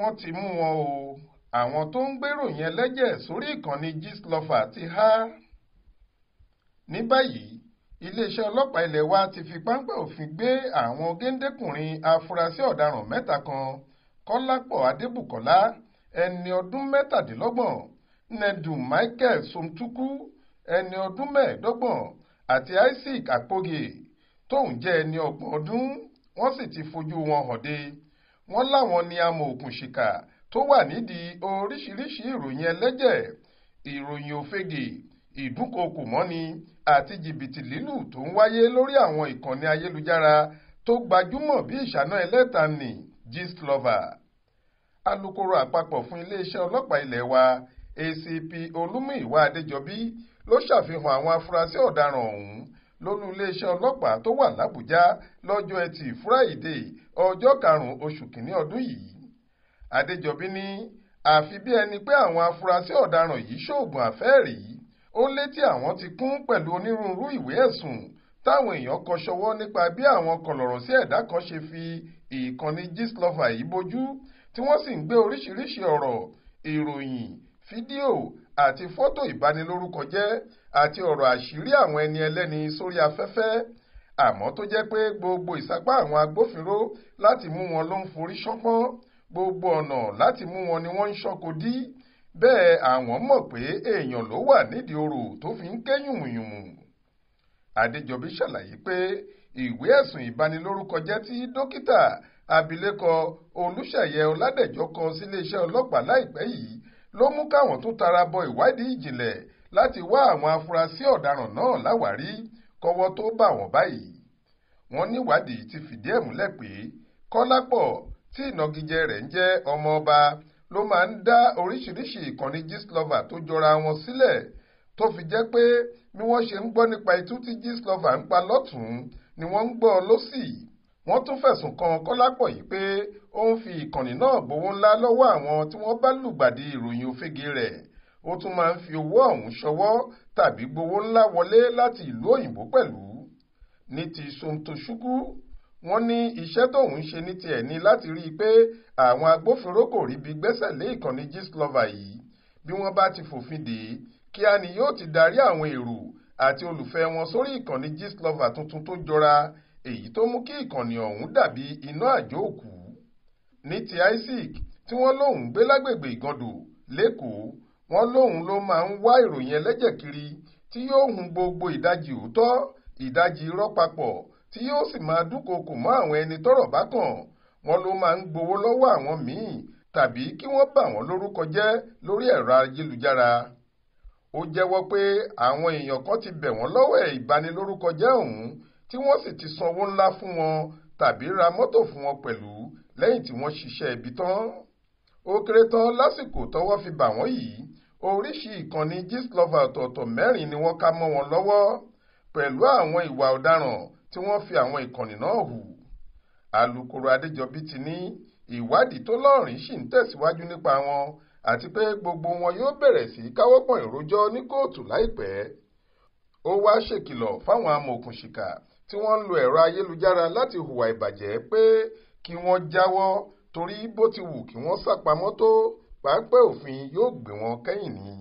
wọ́n ti mú wọn o àwọn tó ń gbèrò yẹn lẹ́jẹ̀ sórí ìkànnì gistlover ti há. ní báyìí iléeṣẹ́ ọlọ́pàá ilé wa ti fi páńpẹ́ òfin gbé àwọn géńdékùnrin afurasí ọ̀daràn mẹ́ta kan kọ́lápọ̀ adébùkọ́lá ẹni ọdún mẹ́tàdínlọ́gbọ̀n nedum michael somtuku ẹni ọdún mẹ́ẹ̀ẹ́dọ́gbọ̀n àti isaac akpoge tóun jẹ́ ẹni ọgbọ̀n ọdún wọ́n sì ti fojú wọn hàn dé wọ́n láwọn ni amòòkùnṣìkà tó wà nídìí oríṣiríṣi ìròyìn ẹlẹ́jẹ̀ ìròyìn òfegè ìdúnkookò mọ́ni àti jìbìtì lílù tó ń wáyé lórí àwọn ìkànnì ayélujára tó gbajúmọ̀ bí ìṣáná ẹlẹ́tàní gist lover alukoro àpapọ̀ fún iléeṣẹ́ ọlọ́pàá ilé wa ACP Olúmúyìwá Adéjọbí ló ṣàfihàn àwọn afurasí ọ̀daràn ọ̀hún lónú iléeṣẹ́ ọlọ́pàá tó wà lábújá lọ́jọ́ ẹtì fúráìdè ọjọ́ karùn-ún oṣù kìíní ọdún yìí adéjọbí ní àfi bí ẹni pé àwọn afurasí ọ̀daràn yìí ṣoògùn àfẹ́ẹ̀rí ó létí àwọn ti kún pẹ̀lú onírúurú ìwé ẹ̀sùn táwọn èèyàn kọ ṣọwọ́ nípa bí àwọn kọlọ̀rọ̀ sí ẹ̀dá kan ṣe fi ìkànnì gistlover yìí bójú tí wọ́n sì ń gbé oríṣiríṣi ọ̀rọ̀ ìròyìn fídíò àti fọ́tò ìbanilórúkọjẹ́ àti ọ̀rọ̀ àṣírí àwọn ẹni ẹlẹ́ni sórí afẹ́fẹ́ àmọ́ tó jẹ́ pé gbogbo ìsapá àwọn agbófinró láti mú wọn ló ń forí ṣánpọ́n gbogbo ọ̀nà láti mú wọn ni wọ́n ń ṣọ́kò dí bẹ́ẹ̀ àwọn mọ̀ pé èèyàn ló wà nídìí orò tó fi ń ké yùmùyùmù Adéjọbí ṣàlàyé pé ìwé ẹ̀sùn ìbanilórúkọjẹ́ tí dókítà abilékọ Olúṣèyẹ Ọládẹ̀jọ kọ síléeṣẹ́ ọlọ́pàá láìpẹ́ yìí ló mú káwọn tó tara bọ ìwádìí ìjìnlẹ̀ láti wá àwọn afurasí ọ̀daràn náà láwárí kọ́wọ́ tó bá wọn báyìí wọ́n níwádìí ti fìdí ẹ̀ múlẹ̀ pé kọ́lápọ̀ tí ìnagijẹ rẹ̀ ń jẹ́ ọmọọba ló máa ń dá oríṣiríṣi ìkànnì gistlover tó jọra wọn sílẹ̀ tó fi jẹ́ pé bí wọ́n ṣe ń gbọ́ nípa itú tí gistlover ń pa lọ́tún ni wọ́n ń gbọ́ lọ́sì wọ́n tún fẹ̀sùn kan Kọ́lápọ̀yí pé ó ń fi ìkànnì náà gbowó ńlá lọ́wọ́ àwọn tí wọ́n bá lùgbàdì ìròyìn òfegè rẹ̀ ó tún máa ń fi owó ọ̀hún ṣọwọ́ tàbí gbowó ńlá wọlé láti ìlú òyìnbó pẹ̀lú ní ti Somtochukwu wọ́n ní iṣẹ́ tóun ń ṣe ní tiẹ̀ ni láti rí i pé àwọn agbófinró kò ríbi gbẹ́sẹ̀ lé ìkànnì Gistlover yìí bí wọ́n bá ti fòfin dè é kíá ni yóò ti darí àwọn èrò àti olùfẹ́ wọn sórí ìkànnì Gistlover tuntun tó jọra èyí tó mú kí ìkànnì ọ̀hún dàbí iná àjò òkú ní ti Isaac tí wọ́n lóun gbé lágbègbè Ìgàndò lẹ́kọ̀ọ́ wọ́n lóun ló máa ń wá ìròyìn ẹlẹ́jẹ̀ kiri tí yóò hun gbogbo ìdajì òótọ́ ìdajì irọ́ papọ̀ tí yóò sì máa dúnkookò mọ́ àwọn ẹni tọ́rọ̀ bá kàn wọ́n ló máa ń gbowó lọ́wọ́ àwọn míì tàbí kí wọ́n bà wọ́n lórúkọ jẹ́ lórí ẹ̀rọ ayélujára ó jẹ́wọ́ pé àwọn èèyàn kan ti bẹ̀ wọ́n lọ́wọ́ ẹ̀ ìbanilórúkọjẹ́ ọ̀hún tí wọ́n sì ti san owó ńlá fún wọn tàbí ra mọ́tò fún wọn pẹ̀lú lẹ́yìn tí wọ́n ṣiṣẹ́ ibi tán. ó kéré tán lásìkò tọ́wọ́ fi bà wọ́n yìí oríṣìí ìkànnì gistlover ọ̀tọ̀ọ̀tọ̀ mẹ́rin ni wọ́n ká mọ́ wọn lọ́wọ́ pẹ̀lú àwọn ìwà ọ̀daràn tí wọ́n fi àwọn ìkànnì náà hù. alūkkóró adéjọbí ti ní ìwádìí tó lọ́rìn ṣì ń tẹ̀síwájú nípa wọn àti pé gbogbo wọn yóò bẹ̀rẹ̀ sí í káwọ́ pọ̀nyìn ní kóòtù láìpẹ́ ó wá ṣèkìlọ̀ fáwọn amòòkùnṣìkà tí wọ́n ń lo ẹ̀rọ ayélujára láti hùwà ìbàjẹ́ pé kí wọ́n jáwọ́ torí bó ti wù kí wọ́n sápamọ́ tó pàápẹ́ òfin yóò gbé wọn kẹ́yìn ni.